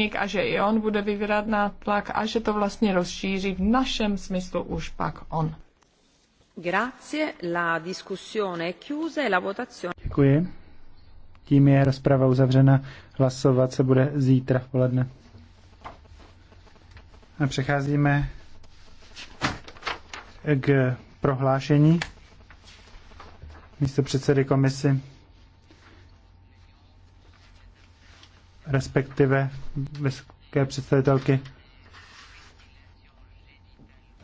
podnik a že i on bude vyvírat nátlak a že to vlastně rozšíří v našem smyslu už pak on. Grazie, la discussione è chiusa e la votazione. Děkuji. Tím je rozprava uzavřena. Hlasovat se bude zítra v poledne. A přecházíme k prohlášení místo předsedy komisy. respektive vysoké představitelky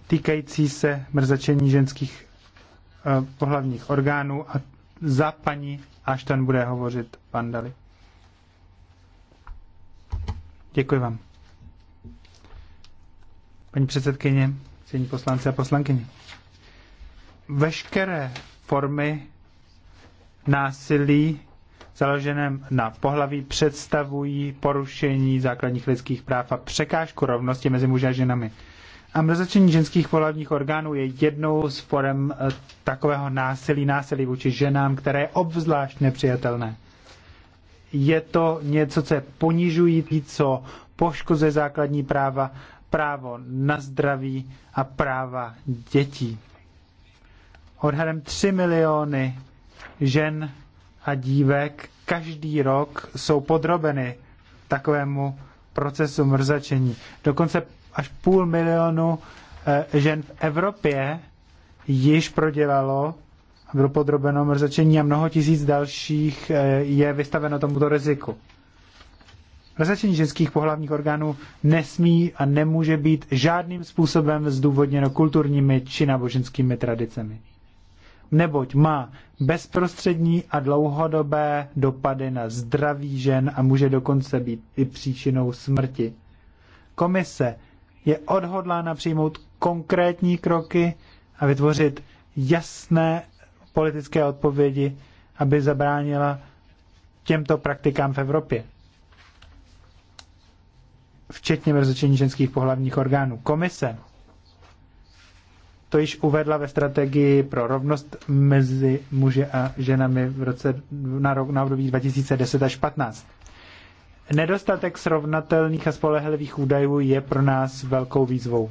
týkající se mrzačení ženských eh, pohlavních orgánů a za paní Ashton bude hovořit pan Dali. Děkuji vám. Paní předsedkyně, cení poslanci a poslankyně. Veškeré formy násilí založeném na pohlaví představují porušení základních lidských práv a překážku rovnosti mezi muži a ženami. A mrzačení ženských pohlavních orgánů je jednou z forem eh, takového násilí, násilí vůči ženám, které je obzvlášť nepřijatelné. Je to něco, co je ponižující, co poškozuje základní práva, právo na zdraví a práva dětí. Odhadem 3 miliony žen a dívek každý rok jsou podrobeny takovému procesu mrzačení. Dokonce až půl milionu eh, žen v Evropě již prodělalo bylo podrobeno mrzačení a mnoho tisíc dalších eh, je vystaveno tomuto riziku. Mrzačení ženských pohlavních orgánů nesmí a nemůže být žádným způsobem zdůvodněno kulturními či náboženskými tradicemi neboť má bezprostřední a dlouhodobé dopady na zdraví žen a může dokonce být i příčinou smrti. Komise je odhodlána přijmout konkrétní kroky a vytvořit jasné politické odpovědi, aby zabránila těmto praktikám v Evropě. Včetně mrzočení ženských pohlavních orgánů. Komise to již uvedla ve strategii pro rovnost mezi muži a ženami v roce, na, rok, na období 2010 až 15. Nedostatek srovnatelných a spolehlivých údajů je pro nás velkou výzvou.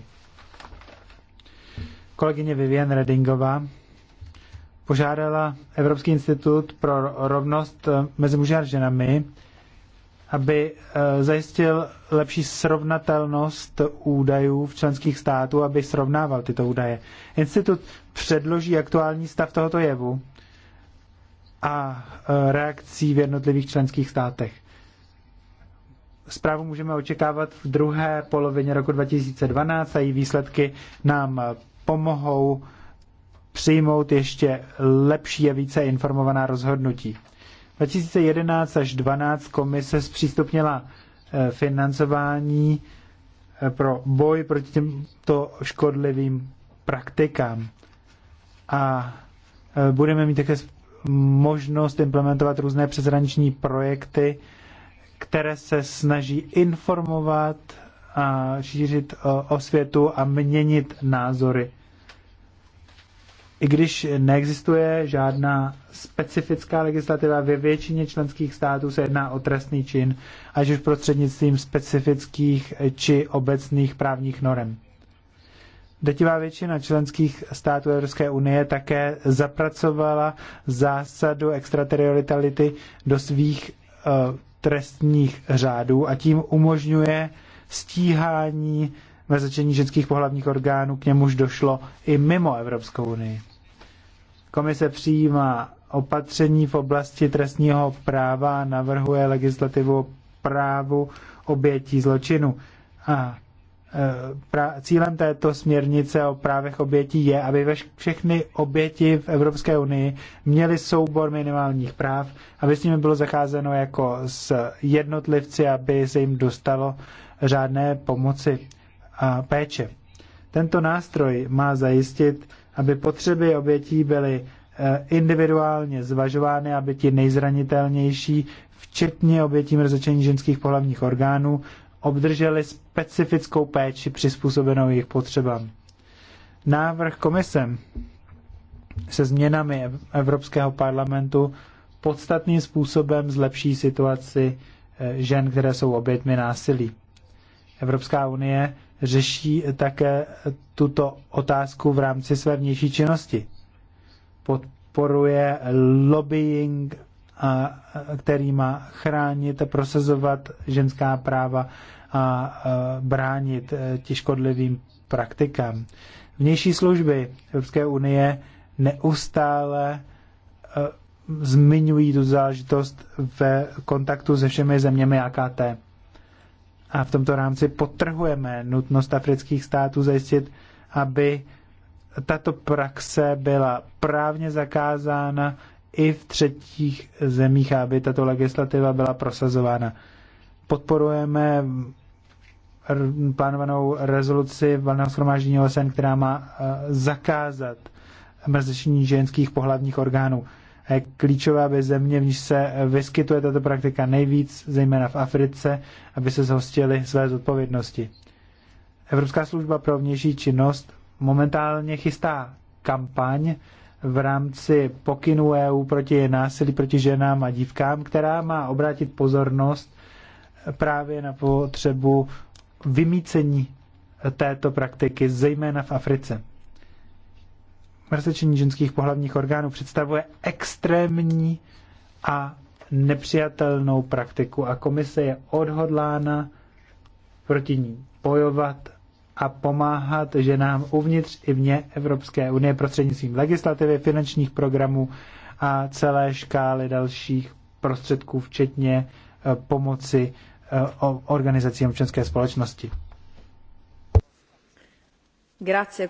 Kolegyně Vivian Redingová požádala Evropský institut pro rovnost mezi muži a ženami, aby eh, zajistil lepší srovnatelnost údajů v členských států, aby srovnával tyto údaje. Institut předloží aktuální stav tohoto jevu a eh, reakcí v jednotlivých členských státech. Zprávu můžeme očekávat v druhé polovině roku 2012 a její výsledky nám eh, pomohou přijmout ještě lepší a více informovaná rozhodnutí. 2011 až 2012 komise zpřístupnila eh, financování eh, pro boj proti těmto škodlivým praktikám. A eh, budeme mít také možnost implementovat různé přeshraniční projekty, které se snaží informovat a šířit osvětu a měnit názory i když neexistuje žádná specifická legislativa, ve většině členských států se jedná o trestný čin, až už prostřednictvím specifických či obecných právních norem. Detivá většina členských států Evropské unie také zapracovala zásadu extraterritoriality do svých uh, trestních řádů a tím umožňuje stíhání ve začení ženských pohlavních orgánů, k němuž došlo i mimo Evropskou unii. Komise přijímá opatření v oblasti trestního práva a navrhuje legislativu o právu obětí zločinu. A e, cílem této směrnice o právech obětí je, aby všechny oběti v Evropské unii měly soubor minimálních práv, aby s nimi bylo zacházeno jako s jednotlivci, aby se jim dostalo řádné pomoci a péče. Tento nástroj má zajistit, aby potřeby obětí byly eh, individuálně zvažovány, aby ti nejzranitelnější, včetně obětí mrzečení ženských pohlavních orgánů, obdrželi specifickou péči přizpůsobenou jejich potřebám. Návrh komise se změnami Evropského parlamentu podstatným způsobem zlepší situaci eh, žen, které jsou obětmi násilí. Evropská unie řeší také tuto otázku v rámci své vnější činnosti. Podporuje lobbying, který má chránit a prosazovat ženská práva a bránit e, těžkodlivým praktikám. Vnější služby Evropské unie neustále e, zmiňují tu záležitost ve kontaktu se všemi zeměmi AKT. A v tomto rámci potrhujeme nutnost afrických států zajistit, aby tato praxe byla právně zakázána i v třetích zemích, aby tato legislativa byla prosazována. Podporujeme plánovanou rezoluci valného schromáždění OSN, která má e, zakázat mrzačení ženských pohlavních orgánů klíčové, aby země, v níž se vyskytuje tato praktika nejvíc, zejména v Africe, aby se zhostily své zodpovědnosti. Evropská služba pro vnější činnost momentálně chystá kampaň v rámci pokynů EU proti násilí proti ženám a dívkám, která má obrátit pozornost právě na potřebu vymícení této praktiky, zejména v Africe mrzečení ženských pohlavních orgánů představuje extrémní a nepřijatelnou praktiku a komise je odhodlána proti ní bojovat a pomáhat ženám uvnitř i vně Evropské unie prostřednictvím legislativy, finančních programů a celé škály dalších prostředků, včetně eh, pomoci eh, organizacím občanské společnosti. Grazie,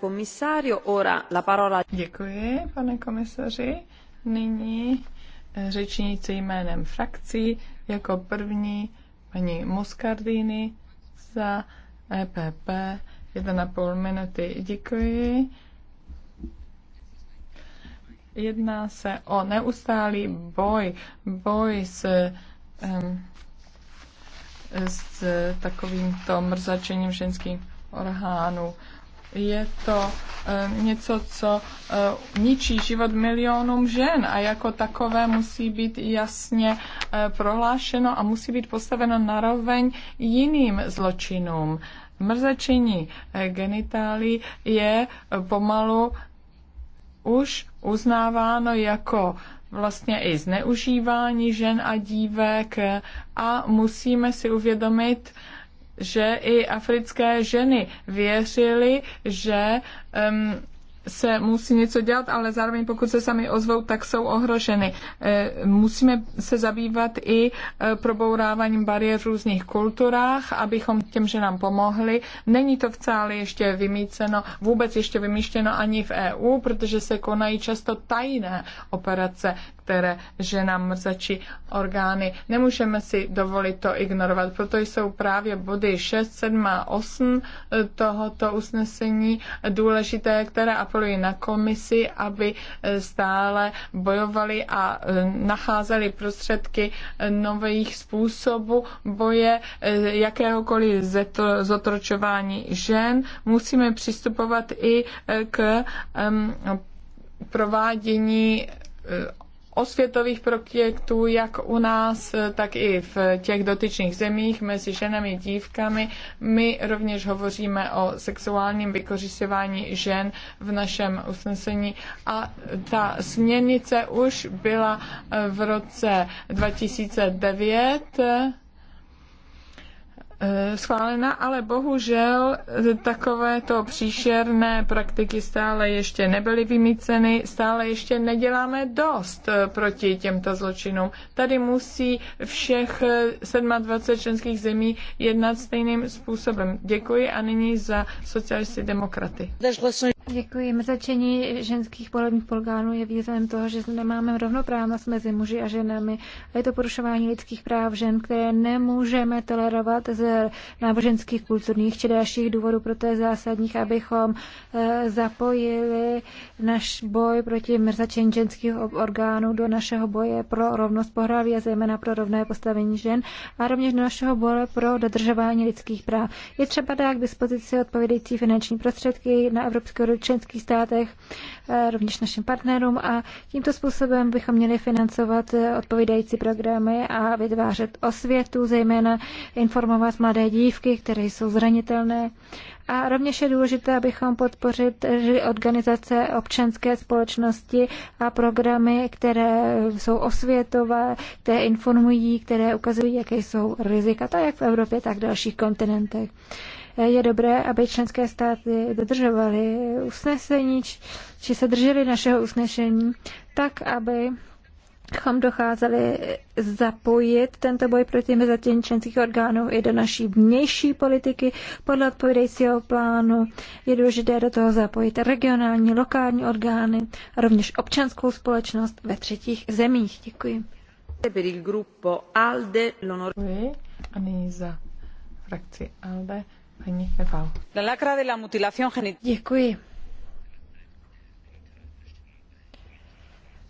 Děkuji, pane komisaři. Nyní eh, řečníci jménem frakcí. Jako první paní Muscardini za EPP. 1,5 minuty. Děkuji. Jedná se o neustálý boj, boj s, um, s takovýmto mrzačením ženských orgánů je to eh, něco, co eh, ničí život milionům žen a jako takové musí být jasně eh, prohlášeno a musí být postaveno naroveň jiným zločinům. Mrzačení genitálí je pomalu už uznáváno jako vlastně i zneužívání žen a dívek a musíme si uvědomit, že i africké ženy věřily, že um, se musí něco dělat, ale zároveň pokud se sami ozvou, tak jsou ohroženy. E, musíme se zabývat i e, probouráváním bariér v různých kulturách, abychom těm nám pomohli. Není to v celé ještě vymíceno, vůbec ještě vymýštěno ani v EU, protože se konají často tajné operace které ženám mrzačí orgány. Nemůžeme si dovolit to ignorovat, proto jsou právě body 6, 7 a 8 eh, tohoto usnesení důležité, které apelují na komisi, aby eh, stále bojovali a eh, nacházeli prostředky nových způsobů boje jakéhokoliv zotročování žen. Musíme přistupovat i k provádění osvětových projektů, jak u nás, tak i v těch dotyčných zemích mezi ženami a dívkami. My rovněž hovoříme o sexuálním vykořišťování žen v našem usnesení a ta směrnice už byla v roce 2009 Eh, schválena, ale bohužel eh, takovéto příšerné praktiky stále ještě nebyly vymíceny, stále ještě neděláme dost eh, proti těmto zločinům. Tady musí všech 27 členských zemí jednat stejným způsobem. Děkuji a nyní za sociální demokraty. Děkuji. Mrzačení ženských polovních orgánů je výzvem toho, že nemáme rovnoprávnost mezi muži a ženami. A je to porušování lidských práv žen, které nemůžeme tolerovat z náboženských, kulturních či dalších důvodů. Proto je zásadních, abychom eh, zapojili náš boj proti mrzačení ženských orgánů do našeho boje pro rovnost pohlaví a zejména pro rovné postavení žen a rovněž do našeho boje pro dodržování lidských práv. Je třeba dát k dispozici odpovědající finanční prostředky na evropské členských státech, eh, rovněž našim partnerům a tímto způsobem bychom měli financovat eh, odpovídající programy a vytvářet osvětu, zejména informovat mladé dívky, které jsou zranitelné. A rovněž je důležité, abychom podpořili organizace občanské společnosti a programy, které jsou osvětové, které informují, které ukazují, jaké jsou rizika, tak jak v Evropě, tak v dalších kontinentech je dobré, aby členské státy dodržovaly usnesení, či se drželi našeho usnesení, tak, aby chom docházeli zapojit tento boj proti mezatění členských orgánů i do naší vnější politiky podle odpovědejícího plánu. Je důležité do toho zapojit regionální, lokální orgány a rovněž občanskou společnost ve třetích zemích. Děkuji. Děkuji. A nyní za frakci ALDE Paní Nepal. Děkuji.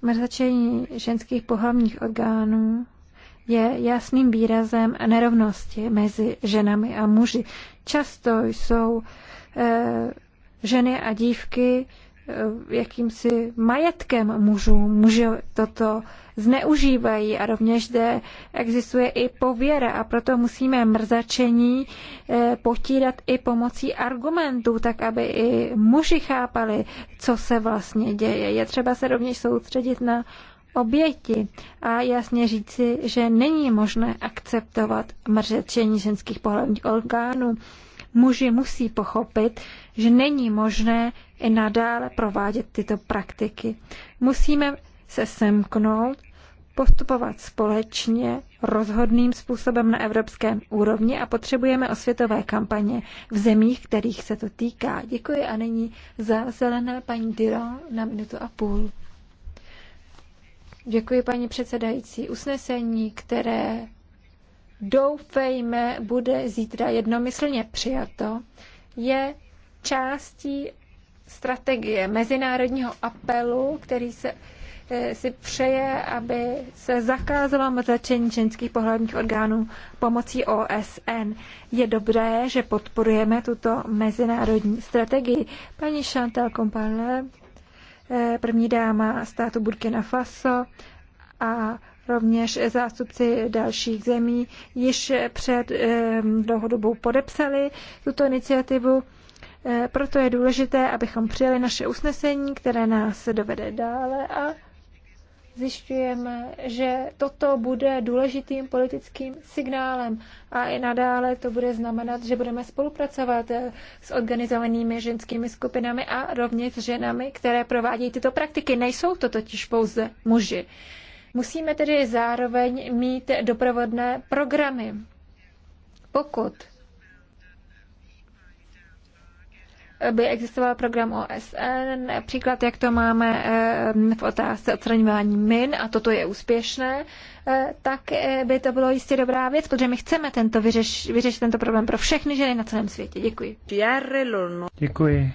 Mrzačení ženských pohlavních orgánů je jasným výrazem nerovnosti mezi ženami a muži. Často jsou e, ženy a dívky Eh, jakýmsi majetkem mužů. Muži toto zneužívají a rovněž zde existuje i pověra a proto musíme mrzačení eh, potírat i pomocí argumentů, tak aby i muži chápali, co se vlastně děje. Je třeba se rovněž soustředit na oběti a jasně říci, že není možné akceptovat mrzačení ženských pohlavních orgánů. Muži musí pochopit, že není možné i nadále provádět tyto praktiky. Musíme se semknout, postupovat společně, rozhodným způsobem na evropském úrovni a potřebujeme osvětové kampaně v zemích, kterých se to týká. Děkuji a nyní za zelené paní Dyro na minutu a půl. Děkuji, paní předsedající. Usnesení, které doufejme bude zítra jednomyslně přijato, je částí strategie mezinárodního apelu, který se eh, si přeje, aby se zakázalo mrzačení ženských pohlavních orgánů pomocí OSN. Je dobré, že podporujeme tuto mezinárodní strategii. Paní Chantal Kompale, eh, první dáma státu Burkina Faso a rovněž zástupci dalších zemí již před eh, dlouhodobou podepsali tuto iniciativu E, proto je důležité, abychom přijeli naše usnesení, které nás dovede dále a zjišťujeme, že toto bude důležitým politickým signálem a i nadále to bude znamenat, že budeme spolupracovat s organizovanými ženskými skupinami a rovněž s ženami, které provádějí tyto praktiky. Nejsou to totiž pouze muži. Musíme tedy zároveň mít doprovodné programy. Pokud by existoval program OSN, například jak to máme eh, v otázce odstraňování min, a toto je úspěšné, eh, tak eh, by to bylo jistě dobrá věc, protože my chceme tento vyřeš, vyřešit tento problém pro všechny ženy na celém světě. Děkuji. Děkuji.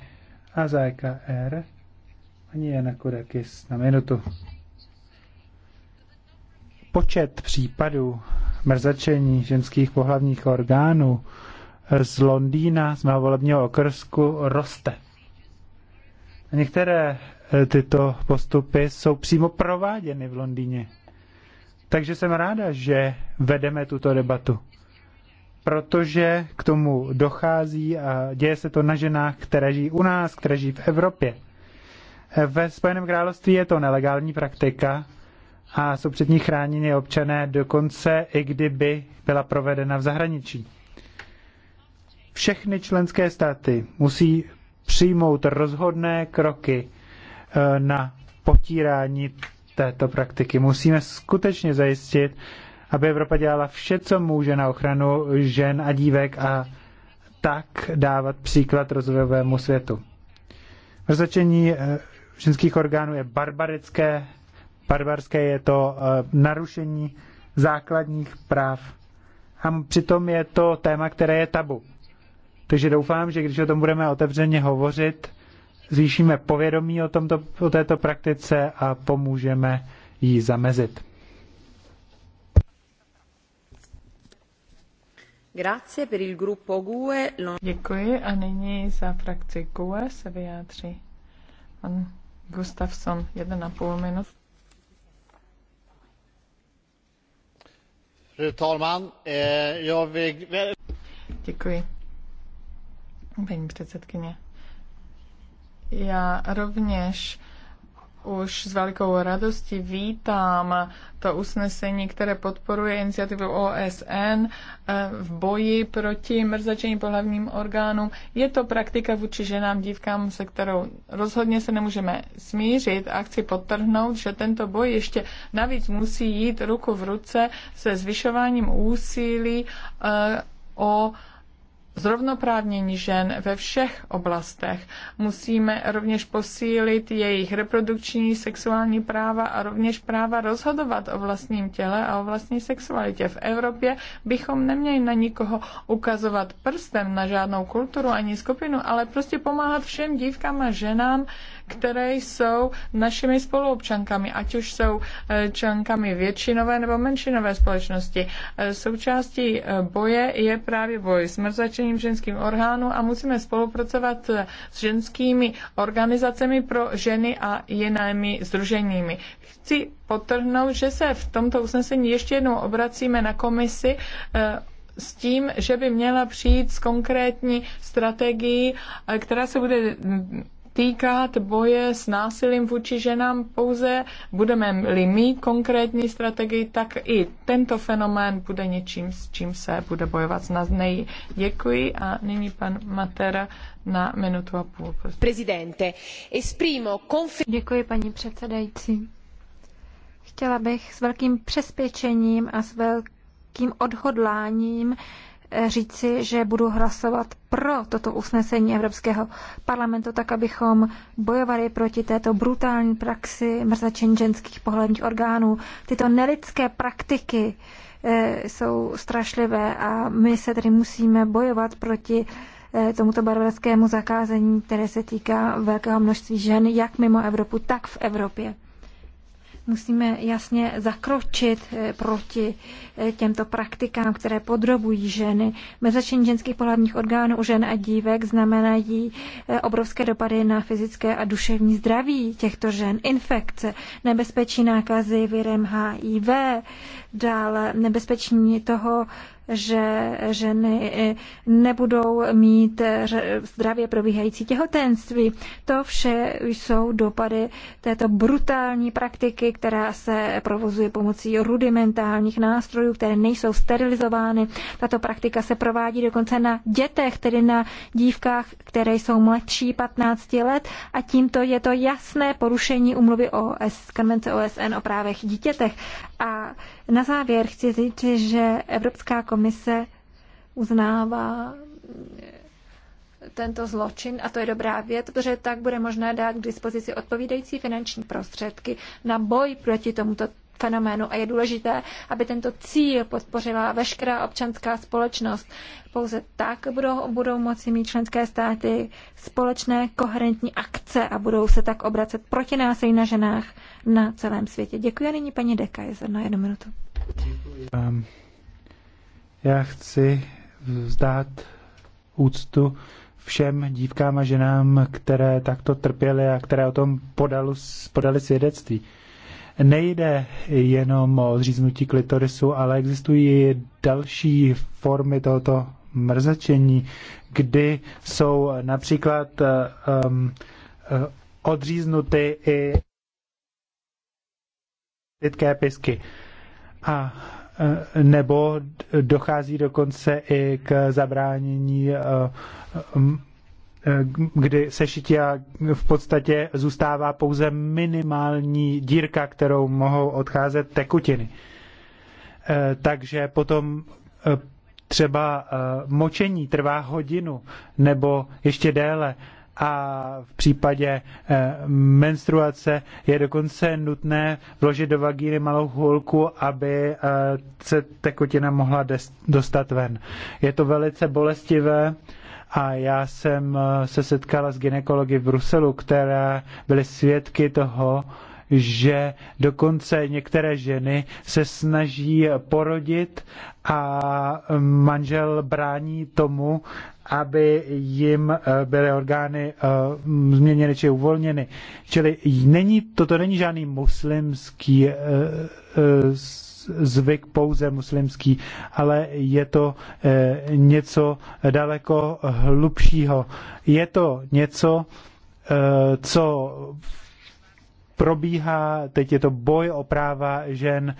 A za EKR ani na Kodakis na minutu. Počet případů mrzačení ženských pohlavních orgánů z Londýna, z mého volebního okrsku, roste. Některé e, tyto postupy jsou přímo prováděny v Londýně. Takže jsem ráda, že vedeme tuto debatu. Protože k tomu dochází a děje se to na ženách, které žijí u nás, které žijí v Evropě. E, ve Spojeném království je to nelegální praktika a jsou před ní chráněni občané dokonce, i kdyby byla provedena v zahraničí všechny členské státy musí přijmout rozhodné kroky eh, na potírání této praktiky. Musíme skutečně zajistit, aby Evropa dělala vše, co může na ochranu žen a dívek a tak dávat příklad rozvojovému světu. Mrzačení eh, ženských orgánů je barbarické, barbarské je to eh, narušení základních práv. A přitom je to téma, které je tabu. Takže doufám, že když o tom budeme otevřeně hovořit, zvýšíme povědomí o, tomto, o této praktice a pomůžeme jí zamezit. Děkuji a nyní za frakci GUE se vyjádří pan Gustafsson, jeden a půl minut. Fru talman, eh, jag vill... Děkuji paní předsedkyně. Já rovněž už s velikou radostí vítám to usnesení, které podporuje iniciativu OSN eh, v boji proti mrzačení pohlavním orgánům. Je to praktika vůči ženám, dívkám, se kterou rozhodně se nemůžeme smířit a chci podtrhnout, že tento boj ještě navíc musí jít ruku v ruce se zvyšováním úsilí eh, o zrovnoprávnění žen ve všech oblastech. Musíme rovněž posílit jejich reprodukční sexuální práva a rovněž práva rozhodovat o vlastním těle a o vlastní sexualitě. V Evropě bychom neměli na nikoho ukazovat prstem na žádnou kulturu ani skupinu, ale prostě pomáhat všem dívkám a ženám které jsou našimi spoluobčankami, ať už jsou eh, členkami většinové nebo menšinové společnosti. Eh, součástí eh, boje je právě boj s mrzačením ženským orgánů a musíme spolupracovat s ženskými organizacemi pro ženy a jinými združeními. Chci potrhnout, že se v tomto usnesení ještě jednou obracíme na komisi s tím, že by měla přijít s konkrétní strategií, která se bude týkat boje s násilím vůči ženám pouze, budeme-li my konkrétní strategii, tak i tento fenomén bude něčím, s čím se bude bojovat z nás nej. Děkuji a nyní pan Matera na minutu a půl. Prezidente, esprimo konfi- Děkuji, paní předsedající. Chtěla bych s velkým přespěčením a s velkým odhodláním říci, že budu hlasovat pro toto usnesení Evropského parlamentu, tak abychom bojovali proti této brutální praxi mrzačení ženských pohledních orgánů. Tyto nelidské praktiky e, jsou strašlivé a my se tedy musíme bojovat proti e, tomuto barbarskému zakázení, které se týká velkého množství žen, jak mimo Evropu, tak v Evropě. Musíme jasně zakročit eh, proti eh, těmto praktikám, které podrobují ženy. Mezačení ženských pohlavních orgánů u žen a dívek znamenají eh, obrovské dopady na fyzické a duševní zdraví těchto žen. Infekce, nebezpečí nákazy virem HIV, dále nebezpečí toho, že ženy nebudou mít zdravě probíhající těhotenství. To vše jsou dopady této brutální praktiky, která se provozuje pomocí rudimentálních nástrojů, které nejsou sterilizovány. Tato praktika se provádí dokonce na dětech, tedy na dívkách, které jsou mladší 15 let a tímto je to jasné porušení umluvy OS, konvence OSN o právech dítětech. A na závěr chci říct, že Evropská komise uznává eh, tento zločin a to je dobrá věc, protože tak bude možné dát k dispozici odpovídající finanční prostředky na boj proti tomuto fenoménu a je důležité, aby tento cíl podpořila veškerá občanská společnost. Pouze tak budou, budou moci mít členské státy společné koherentní akce a budou se tak obracet proti násilí na ženách na celém světě. Děkuji a nyní paní Deka je na jednu minutu. Um, já chci vzdát úctu všem dívkám a ženám, které takto trpěly a které o tom podalo, podali svědectví nejde jenom o zříznutí klitorisu, ale existují další formy tohoto mrzačení, kdy jsou například um, odříznuty i lidské pisky. A eh, nebo dochází dokonce i k zabránění Eh, kdy sešitia v podstatě zůstává pouze minimální dírka, kterou mohou odcházet tekutiny. Eh, takže potom eh, třeba močení trvá hodinu nebo ještě déle a v případě menstruace je dokonce nutné vložit do vagíny malou hůlku, aby se tekutina mohla dostat ven. Je to velice bolestivé a já jsem eh, se setkala s ginekology v Bruselu, které byly svědky toho, že dokonce některé ženy se snaží porodit a manžel brání tomu, aby jim eh, byly orgány eh, změněny či uvolněny. Čili není, toto není žádný muslimský zvyk pouze muslimský, ale je to eh, něco daleko hlubšího. Je to něco, eh, co probíhá, teď je to boj o práva žen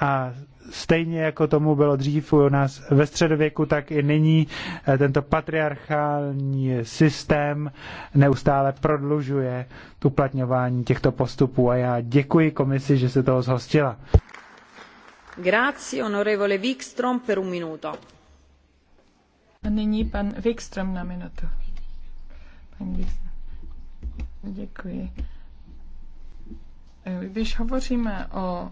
a stejně jako tomu bylo dřív u nás ve středověku, tak i nyní eh, tento patriarchální systém neustále prodlužuje uplatňování těchto postupů a já děkuji komisi, že se toho zhostila. Děkuji. Eh, když hovoříme o, o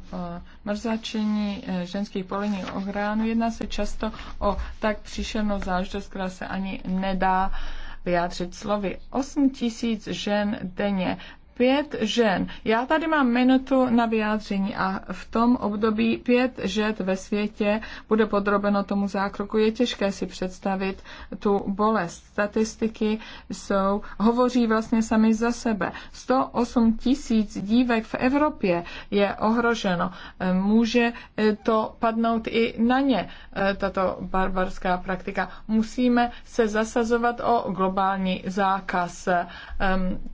mrzačení eh, ženských polení ohránu, jedná se často o tak příšernou záležitost, která se ani nedá vyjádřit slovy. 8 tisíc žen denně pět žen. Já tady mám minutu na vyjádření a v tom období pět žen ve světě bude podrobeno tomu zákroku. Je těžké si představit tu bolest. Statistiky jsou, hovoří vlastně sami za sebe. 108 tisíc dívek v Evropě je ohroženo. Může eh, to padnout i na ně, eh, tato barbarská praktika. Musíme se zasazovat o globální zákaz eh,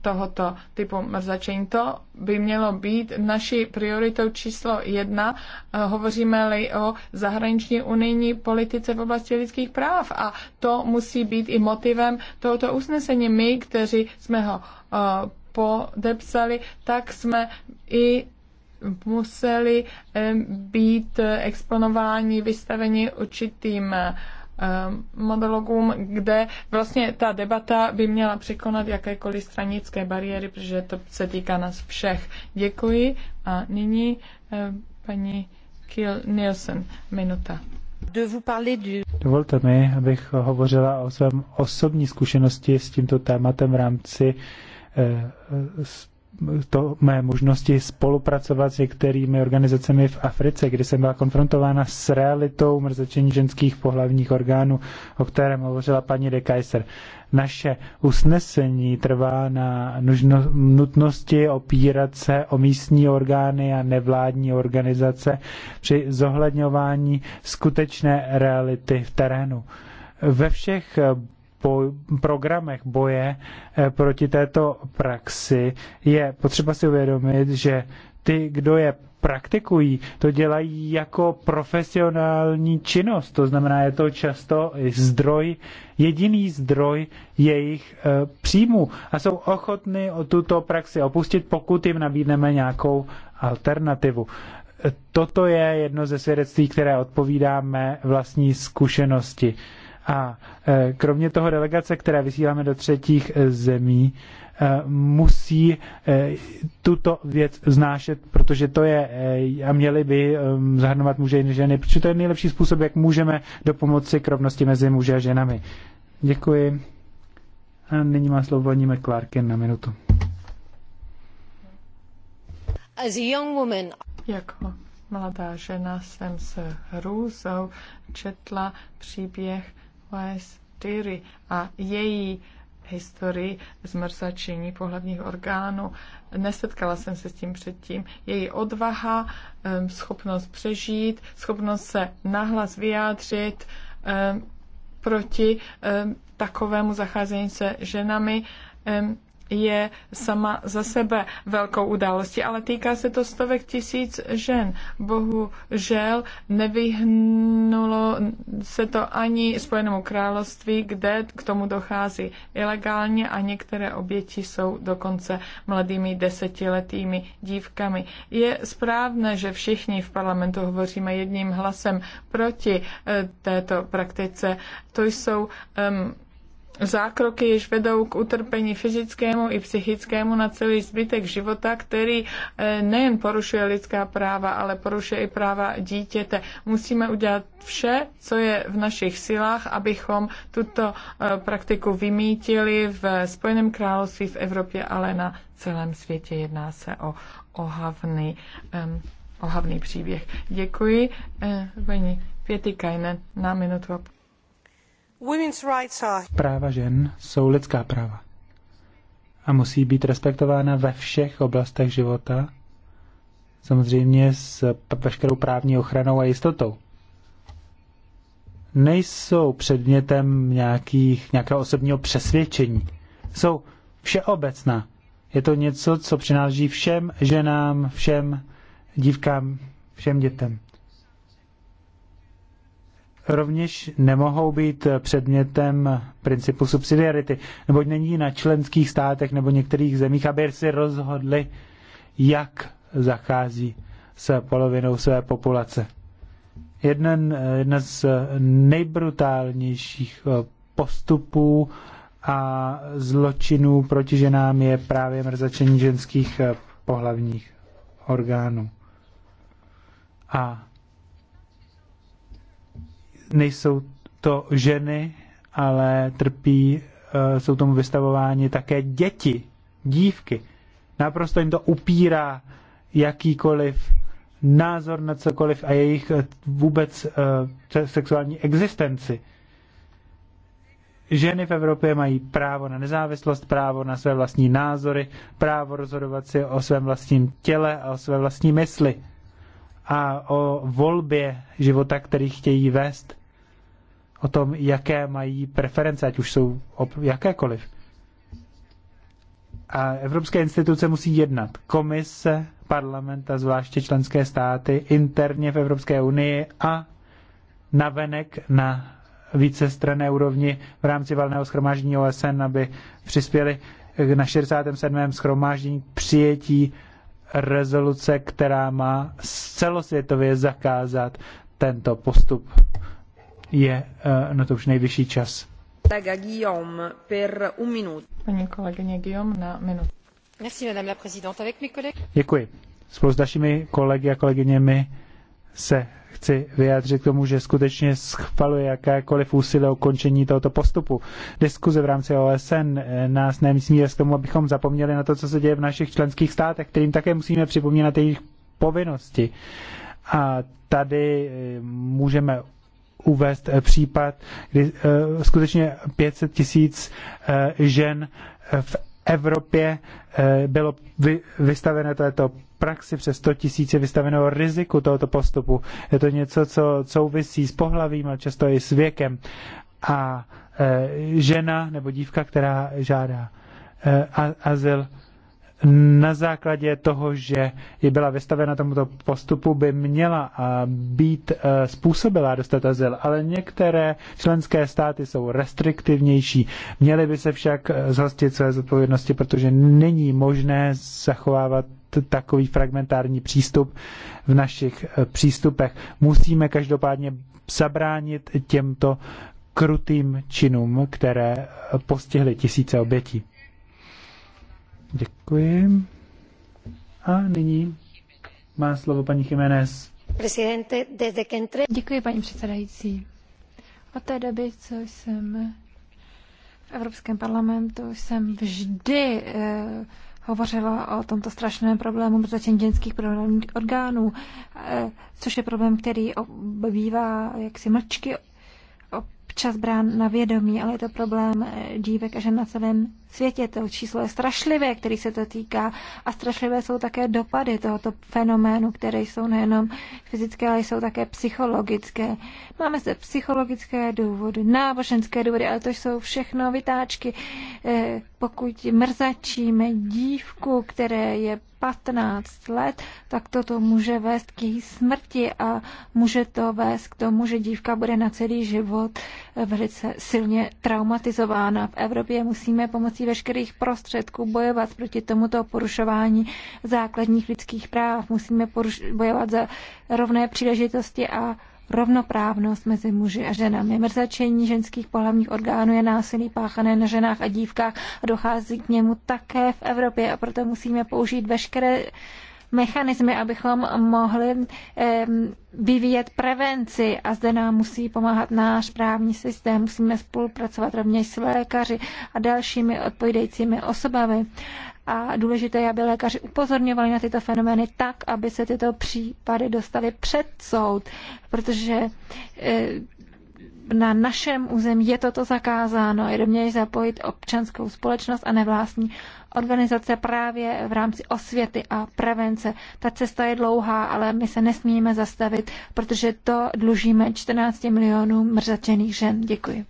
tohoto typu mrzačení. To by mělo být naší prioritou číslo jedna, eh, hovoříme-li o zahraniční unijní politice v oblasti lidských práv a to musí být i motivem tohoto usnesení. My, kteří jsme ho eh, podepsali, tak jsme i museli eh, být exponováni, vystaveni určitým Eh, monologům, kde vlastně ta debata by měla překonat jakékoliv stranické bariéry, protože to se týká nás všech. Děkuji a nyní eh, paní Kiel Nielsen, minuta. Dovolte mi, abych hovořila o svém osobní zkušenosti s tímto tématem v rámci eh, to mé možnosti spolupracovat s některými organizacemi v Africe, kdy jsem byla konfrontována s realitou mrzačení ženských pohlavních orgánů, o kterém hovořila paní de Kaiser. Naše usnesení trvá na nutnosti opírat se o místní orgány a nevládní organizace při zohledňování skutečné reality v terénu. Ve všech boj, programech boje eh, proti této praxi, je potřeba si uvědomit, že ty, kdo je praktikují, to dělají jako profesionální činnost. To znamená, je to často zdroj, jediný zdroj jejich e, příjmů. A jsou ochotny o tuto praxi opustit, pokud jim nabídneme nějakou alternativu. Toto je jedno ze svědectví, které odpovídáme vlastní zkušenosti. E, a e, kromě toho delegace, které vysíláme do třetích e, zemí, e, musí tuto věc znášet, protože to je, a měli by zahrnovat muže i ženy, protože to je nejlepší způsob, jak můžeme do pomoci k rovnosti mezi muži a ženami. Děkuji. A nyní má slovo paní McClarkin na minutu. As a young woman... Jako mladá žena jsem s hrůzou četla příběh OS4 a její historii zmrzačení pohlavních orgánů. Nesetkala jsem se s tím předtím. Její odvaha, schopnost přežít, schopnost se nahlas vyjádřit proti takovému zacházení se ženami, je sama za sebe velkou událostí, ale týká se to stovek tisíc žen. Bohužel nevyhnulo se to ani Spojenému království, kde k tomu dochází ilegálně a některé oběti jsou dokonce mladými desetiletými dívkami. Je správné, že všichni v parlamentu hovoříme jedním hlasem proti eh, této praktice. To jsou um, zákroky již vedou k utrpení fyzickému i psychickému na celý zbytek života, který eh, nejen porušuje lidská práva, ale porušuje i práva dítěte. Musíme udělat vše, co je v našich silách, abychom tuto eh, praktiku vymítili v Spojeném království, v Evropě, ale na celém světě. Jedná se o ohavný, um, ohavný příběh. Děkuji, eh, paní Kajne, na minutu a půl. Práva žen jsou lidská práva a musí být respektována ve všech oblastech života, samozřejmě s veškerou právní ochranou a jistotou. Nejsou předmětem nějakých, nějakého osobního přesvědčení. Jsou všeobecná. Je to něco, co přináleží všem ženám, všem dívkám, všem dětem rovněž nemohou být předmětem principu subsidiarity, neboť není na členských státech nebo některých zemích, aby si rozhodli, jak zachází s polovinou své populace. Jeden, jedna z nejbrutálnějších eh, postupů a zločinů proti ženám je právě mrzačení ženských eh, pohlavních orgánů. A nejsou to ženy, ale trpí, eh, jsou tomu vystavováni také děti, dívky. Naprosto jim to upírá jakýkoliv názor na cokoliv a jejich eh, vůbec eh, sexuální existenci. Ženy v Evropě mají právo na nezávislost, právo na své vlastní názory, právo rozhodovat si o svém vlastním těle a o své vlastní mysli a o volbě života, který chtějí vést, o tom, jaké mají preference, ať už jsou jakékoliv. A evropské instituce musí jednat. Komise, parlament a zvláště členské státy interně v Evropské unii a navenek na vícestranné úrovni v rámci valného schromáždění OSN, aby přispěli na 67. schromáždění k přijetí rezoluce, která má celosvětově zakázat tento postup. Je eh, na no to už nejvyšší čas. Kolega Guillaume, per un minut. Paní kolegyně Guillaume na minutu. Merci, madame la présidente. Avec mes collègues... Děkuji. Spolu s dalšími kolegy a kolegyněmi se chci vyjádřit k tomu, že skutečně schvaluje jakékoliv úsilí o končení tohoto postupu. Diskuze v rámci OSN eh, nás nemyslí k tomu, abychom zapomněli na to, co se děje v našich členských státech, kterým také musíme připomínat jejich povinnosti. A tady eh, můžeme uvést eh, případ, kdy skutečně 500 tisíc žen v Evropě eh, bylo vystaveno této praxi přes 100 tisíc je vystaveno riziku tohoto postupu. Je to něco, co souvisí s pohlavím a často i s věkem. A eh, žena nebo dívka, která žádá eh, azyl, na základě toho, že je byla vystavena tomuto postupu, by měla eh, být eh, způsobila dostat azyl, ale některé členské státy jsou restriktivnější. Měly by se však eh, zhostit své zodpovědnosti, protože není možné zachovávat takový fragmentární přístup v našich přístupech. Musíme každopádně zabránit těmto krutým činům, které postihly tisíce obětí. Děkuji. A nyní má slovo paní Jiménez. Děkuji, paní předsedající. Od té doby, co jsem v Evropském parlamentu, jsem vždy eh, hovořila o tomto strašném problému mrzačení dětských problémových orgánů, eh, což je problém, který bývá jaksi mlčky občas brán na vědomí, ale je to problém eh, dívek a žen na celém světě. To číslo je strašlivé, který se to týká. A strašlivé jsou také dopady tohoto fenoménu, které jsou nejenom fyzické, ale jsou také psychologické. Máme zde psychologické důvody, náboženské důvody, ale to jsou všechno vytáčky. Eh, pokud mrzačíme dívku, které je 15 let, tak toto může vést k její smrti a může to vést k tomu, že dívka bude na celý život velice silně traumatizována. V Evropě musíme pomocí veškerých prostředků bojovat proti tomuto porušování základních lidských práv. Musíme bojovat za rovné příležitosti a rovnoprávnost mezi muži a ženami. Mrzačení ženských pohlavních orgánů je násilí páchané na ženách a dívkách a dochází k němu také v Evropě a proto musíme použít veškeré mechanismy, abychom mohli vyvíjet prevenci a zde nám musí pomáhat náš právní systém. Musíme spolupracovat rovněž s lékaři a dalšími odpovídajícími osobami. A důležité je, aby lékaři upozorňovali na tyto fenomény tak, aby se tyto případy dostaly před soud, protože eh, na našem území je toto zakázáno. Je rovněž zapojit občanskou společnost a nevlastní organizace právě v rámci osvěty a prevence. Ta cesta je dlouhá, ale my se nesmíme zastavit, protože to dlužíme 14 milionům mrzačených žen. Děkuji.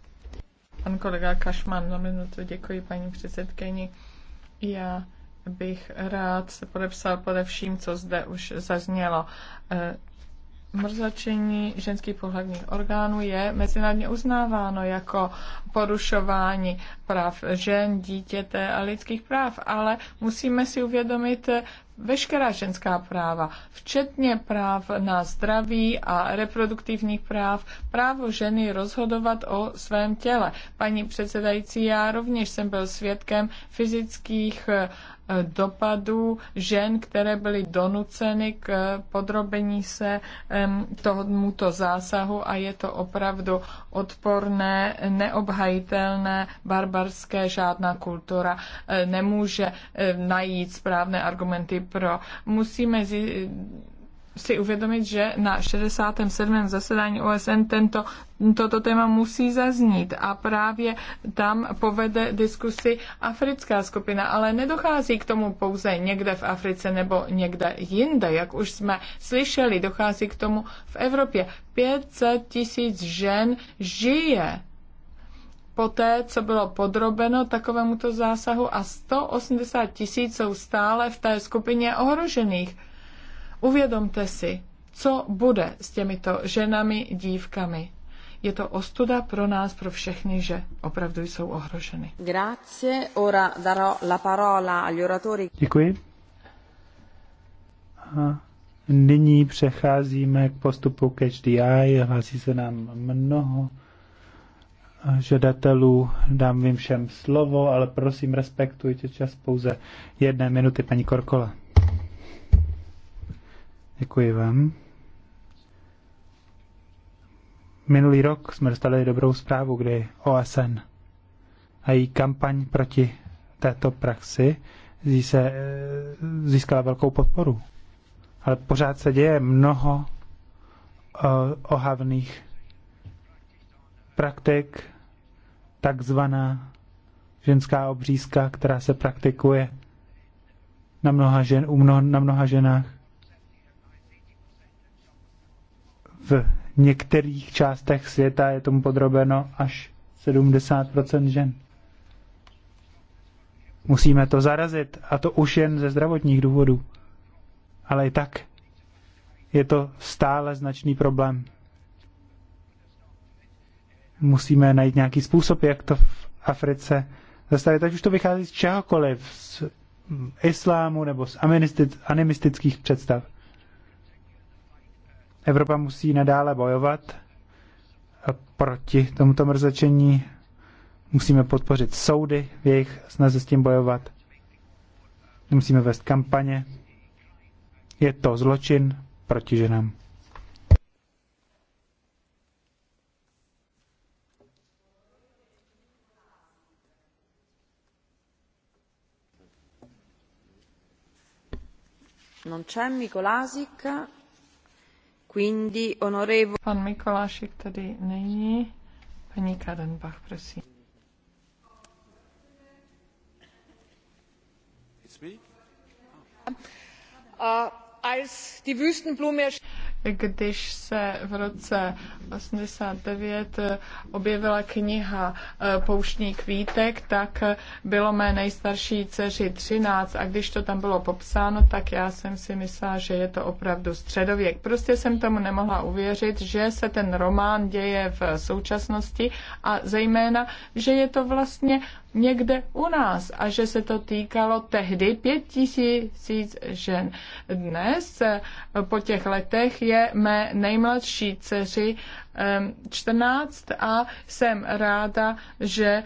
Pan kolega Kašman na minutu. Děkuji paní předsedkyni. Já bych rád se podepsal pod vším, co zde už zaznělo. Eh, mrzačení ženských pohledních orgánů je mezinárodně uznáváno jako porušování práv žen, dítěte a lidských práv, ale musíme si uvědomit veškerá ženská práva, včetně práv na zdraví a reproduktivních práv, právo ženy rozhodovat o svém těle. Paní předsedající, já rovněž jsem byl svědkem fyzických uh, dopadů žen, které byly donuceny k podrobení se tomuto zásahu a je to opravdu odporné, neobhajitelné, barbarské, žádná kultura eh, nemůže eh, najít správné argumenty pro. Musíme zi- si uvědomit, že na 67. zasedání OSN tento, toto téma musí zaznít a právě tam povede diskusi africká skupina, ale nedochází k tomu pouze někde v Africe nebo někde jinde, jak už jsme slyšeli, dochází k tomu v Evropě. 500 tisíc žen žije poté, co bylo podrobeno takovémuto zásahu a 180 tisíc jsou stále v té skupině ohrožených Uvědomte si, co bude s těmito ženami, dívkami. Je to ostuda pro nás, pro všechny, že opravdu jsou ohroženy. Grazie, ora darò la parola agli oratori. Děkuji. A nyní přecházíme k postupu k HDI. Hlásí se nám mnoho žadatelů. Dám vím všem slovo, ale prosím, respektujte čas pouze jedné minuty, paní Korkola. Děkuji vám. Minulý rok jsme dostali dobrou zprávu, kdy OSN a její kampaň proti této praxi se eh, získala velkou podporu. Ale pořád se děje mnoho eh, ohavných praktik, takzvaná ženská obřízka, která se praktikuje na mnoha žen, u mnoha, na mnoha ženách v některých částech světa je tomu podrobeno až 70% žen. Musíme to zarazit, a to už jen ze zdravotních důvodů. Ale i tak je to stále značný problém. Musíme najít nějaký způsob, jak to v Africe zastavit. Ať už to vychází z čehokoliv, z islámu nebo z animistických představ. Evropa musí nadále bojovat proti tomuto mrzačení. Musíme podpořit soudy v jejich snaze s tím bojovat. Musíme vést kampaně. Je to zločin proti ženám. Non c'è Mikolasik, Quindi, onorevo... Pan Mikolášek tady není. Paní Kadenbach, prosím. It's me? Oh. Uh, als die Wüstenblume když se v roce 89 eh, objevila kniha eh, Pouštní kvítek, tak eh, bylo mé nejstarší dceři 13 a když to tam bylo popsáno, tak já jsem si myslela, že je to opravdu středověk. Prostě jsem tomu nemohla uvěřit, že se ten román děje v současnosti a zejména, že je to vlastně někde u nás a že se to týkalo tehdy pět tisíc žen. Dnes eh, po těch letech je mé nejmladší dceři 14 a jsem ráda, že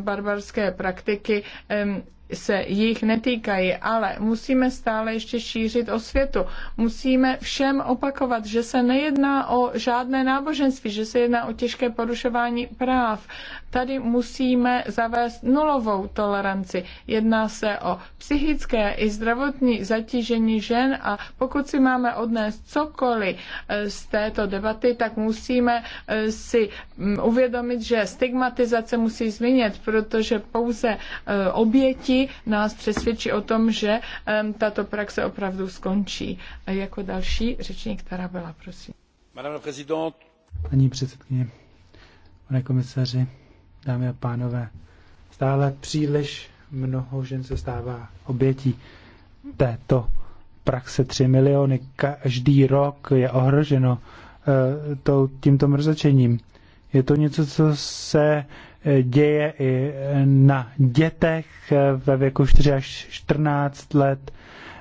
barbarské praktiky se jich netýkají, ale musíme stále ještě šířit o světu. Musíme všem opakovat, že se nejedná o žádné náboženství, že se jedná o těžké porušování práv. Tady musíme zavést nulovou toleranci. Jedná se o psychické i zdravotní zatížení žen a pokud si máme odnést cokoliv eh, z této debaty, tak musíme eh, si mm, uvědomit, že stigmatizace musí změnit, protože pouze eh, oběti nás přesvědčí o tom, že tato praxe opravdu skončí. A jako další řečník byla, prosím. Madame la Paní předsedkyně, pane komisaři, dámy a pánové, stále příliš mnoho žen se stává obětí této praxe. 3 miliony každý rok je ohroženo eh, tímto mrzačením. Je to něco, co se děje i na dětech ve věku 4 až 14 let,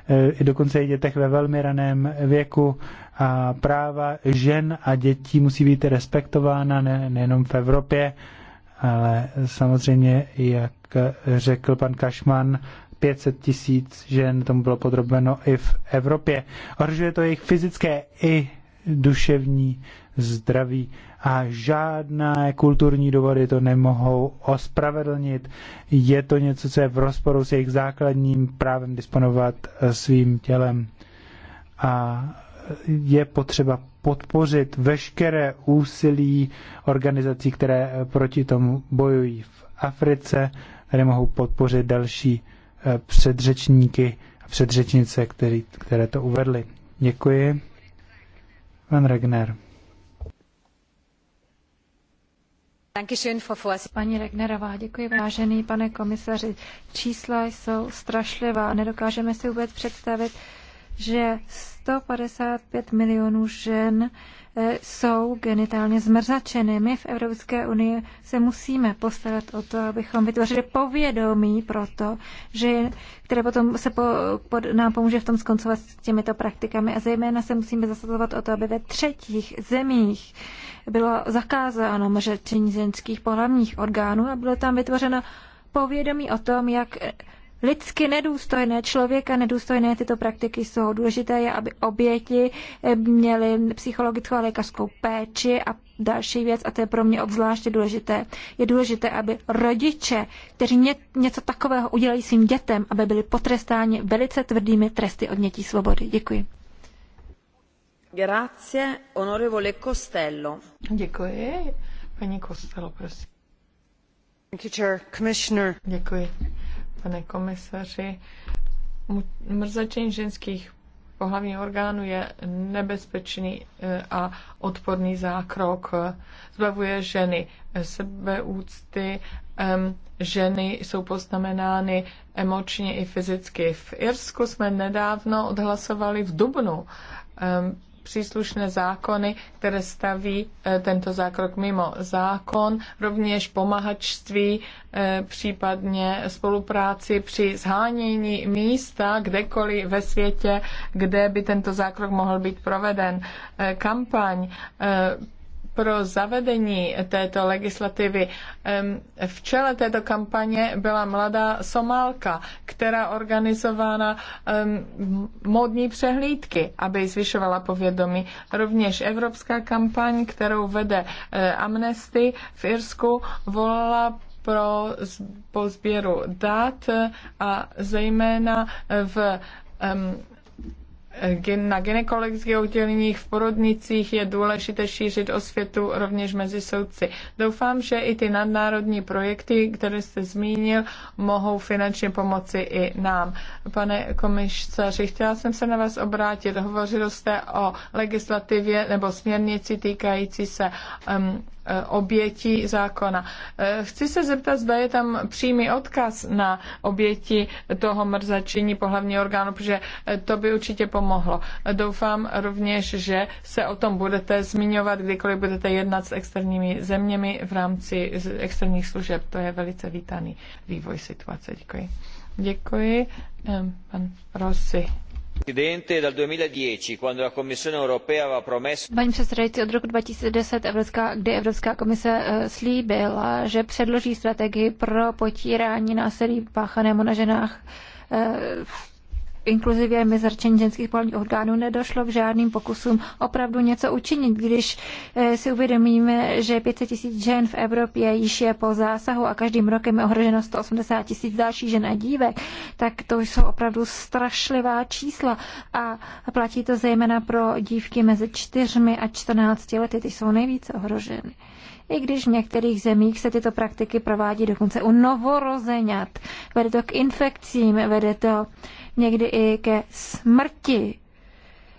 eh, i dokonce i dětech ve velmi raném věku. A práva žen a dětí musí být respektována ne, nejenom v Evropě, ale samozřejmě, jak řekl pan Kašman, 500 tisíc žen tomu bylo podrobeno i v Evropě. Ohrožuje to jejich fyzické i duševní zdraví a žádné kulturní důvody to nemohou ospravedlnit. Je to něco, co je v rozporu s jejich základním právem disponovat eh, svým tělem. A je potřeba podpořit veškeré úsilí organizací, které eh, proti tomu bojují v Africe. které mohou podpořit další eh, předřečníky a předřečnice, které to uvedly. Děkuji. Van Regner. Paní Regnerová, děkuji vážený pane komisaři. Čísla jsou strašlivá, nedokážeme si vůbec představit, že 155 milionů žen eh, jsou genitálně zmrzačeny. My v Evropské unii se musíme postarat o to, abychom vytvořili povědomí pro to, že, které potom se po, pod, nám pomůže v tom skoncovat s těmito praktikami. A zejména se musíme zasazovat o to, aby ve třetích zemích bylo zakázáno mřečení ženských pohlavních orgánů a bylo tam vytvořeno povědomí o tom, jak lidsky nedůstojné, člověka nedůstojné tyto praktiky jsou. Důležité je, aby oběti eh, měly psychologickou a lékařskou péči a další věc, a to je pro mě obzvláště důležité, je důležité, aby rodiče, kteří něco takového udělají svým dětem, aby byli potrestáni velice tvrdými tresty odnětí svobody. Děkuji. Grazie, onorevole Costello. Děkuji. Paní Costello, prosím. Děkuji pane komisaři. Mrzačení ženských pohlavních orgánů je nebezpečný e, a odporný zákrok. Zbavuje ženy sebeúcty, ženy jsou poznamenány emočně i fyzicky. V Irsku jsme nedávno odhlasovali v Dubnu příslušné zákony, které staví eh, tento zákrok mimo zákon, rovněž pomahačství, eh, případně spolupráci při zhánění místa kdekoliv ve světě, kde by tento zákrok mohl být proveden. Eh, kampaň pro zavedení této legislativy. V čele této kampaně byla mladá Somálka, která organizována módní přehlídky, aby zvyšovala povědomí. Rovněž evropská kampaň, kterou vede eh, Amnesty v Irsku, volala pro pozběru dat eh, a zejména v na ginekologických odděleních v porodnicích je důležité šířit osvětu rovněž mezi soudci. Doufám, že i ty nadnárodní projekty, které jste zmínil, mohou finančně pomoci i nám. Pane komisaři, chtěla jsem se na vás obrátit. Hovořil jste o legislativě nebo směrnici týkající se um, Eh, oběti zákona. Eh, chci se zeptat, zda je tam přímý odkaz na oběti toho mrzačení pohlavní orgánu, protože eh, to by určitě pomohlo. Doufám rovněž, že se o tom budete zmiňovat, kdykoliv budete jednat s externími zeměmi v rámci externích služeb. To je velice vítaný vývoj situace. Děkuji. Děkuji. Pan Rossi. Paní předsedající, od roku two thousand and ten kdy Evropská komise eh, slíbila, že předloží strategii pro potírání násilí páchaného na ženách, v eh, inkluzivě mezerčení ženských polních orgánů nedošlo k žádným pokusům opravdu něco učinit, když eh, si uvědomíme, že 500 tisíc žen v Evropě již je po zásahu a každým rokem je ohroženo 180 tisíc dalších žen a dívek, tak to jsou opravdu strašlivá čísla a platí to zejména pro dívky mezi 4 a 14 lety, ty jsou nejvíce ohroženy i když v některých zemích se tyto praktiky provádí dokonce u novorozeňat. Vede to k infekcím, vede to někdy i ke smrti.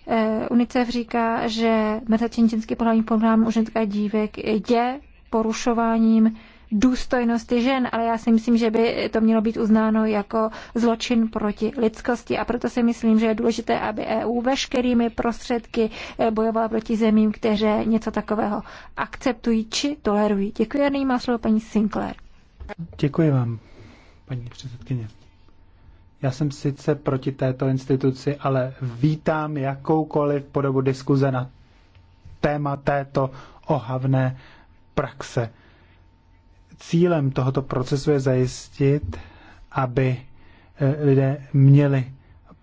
Eh, UNICEF říká, že mrzačení ženský pohlavní program už ženská dívek je porušováním důstojnosti žen, ale já si myslím, že by to mělo být uznáno jako zločin proti lidskosti a proto si myslím, že je důležité, aby EU veškerými prostředky eh, bojovala proti zemím, které něco takového akceptují či tolerují. Děkuji a nyní má slovo paní Sinclair. Děkuji vám, paní předsedkyně. Já jsem sice proti této instituci, ale vítám jakoukoliv podobu diskuze na téma této ohavné praxe cílem tohoto procesu je zajistit, aby eh, lidé měli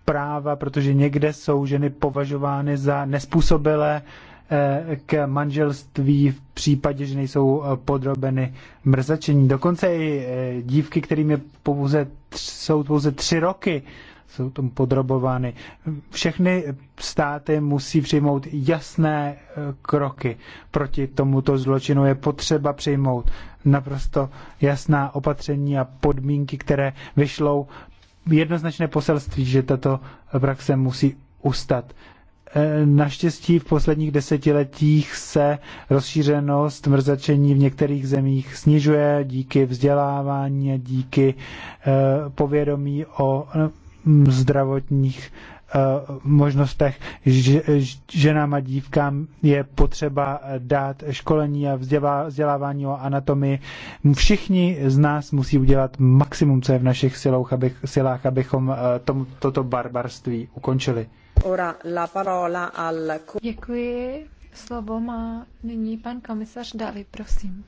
práva, protože někde jsou ženy považovány za nespůsobilé eh, k manželství v případě, že nejsou eh, podrobeny mrzačení. Dokonce i dívky, kterým je pouze, jsou pouze tři roky, jsou tom podrobovány. Všechny státy musí přijmout jasné e, kroky proti tomuto zločinu. Je potřeba přijmout naprosto jasná opatření a podmínky, které vyšlou jednoznačné poselství, že tato praxe musí ustat. E, naštěstí v posledních desetiletích se rozšířenost mrzačení v některých zemích snižuje díky vzdělávání, díky e, povědomí o zdravotních eh, možnostech ženám a dívkám je potřeba dát školení a vzdělávání o anatomii. Všichni z nás musí udělat maximum, co je v našich silách, abych, silách abychom eh, tom, toto barbarství ukončili. Děkuji. Slovo má nyní pan komisař Davy, prosím.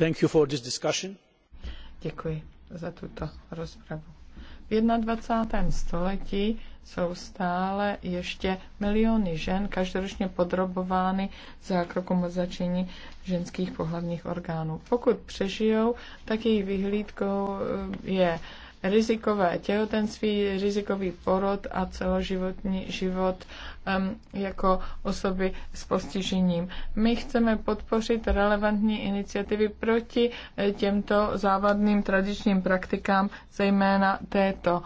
Thank you for this discussion. Děkuji za tuto rozpravu. V 21. století jsou stále ještě miliony žen každoročně podrobovány zákrokům od začení ženských pohlavních orgánů. Pokud přežijou, tak její vyhlídkou eh, je rizikové těhotenství, rizikový porod a celoživotní život um, jako osoby s postižením. My chceme podpořit relevantní iniciativy proti eh, těmto závadným tradičním praktikám, zejména této.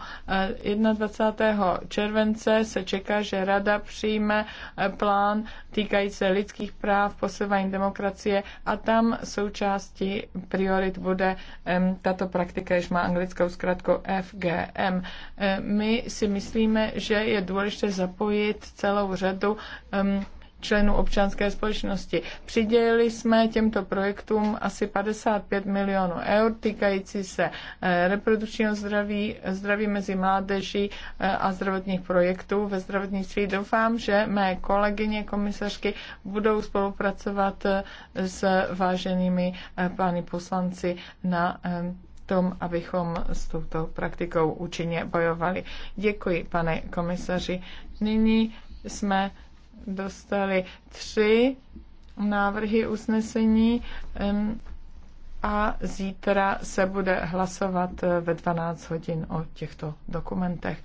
21. Eh, července se čeká, že Rada přijme eh, plán týkající se lidských práv, posilování demokracie a tam součástí priorit bude um, tato praktika, jež má anglickou zkratku jako FGM. Eh, my si myslíme, že je důležité zapojit celou řadu ehm, členů občanské společnosti. Přidělili jsme těmto projektům asi 55 milionů eur týkající se eh, reprodukčního zdraví, zdraví mezi mládeží eh, a zdravotních projektů ve zdravotnictví. Doufám, že mé kolegyně komisařky budou spolupracovat s váženými pány poslanci na ehm, tom, abychom s touto praktikou účinně bojovali. Děkuji, pane komisaři. Nyní jsme dostali tři návrhy usnesení a zítra se bude hlasovat eh, ve 12 hodin o těchto dokumentech.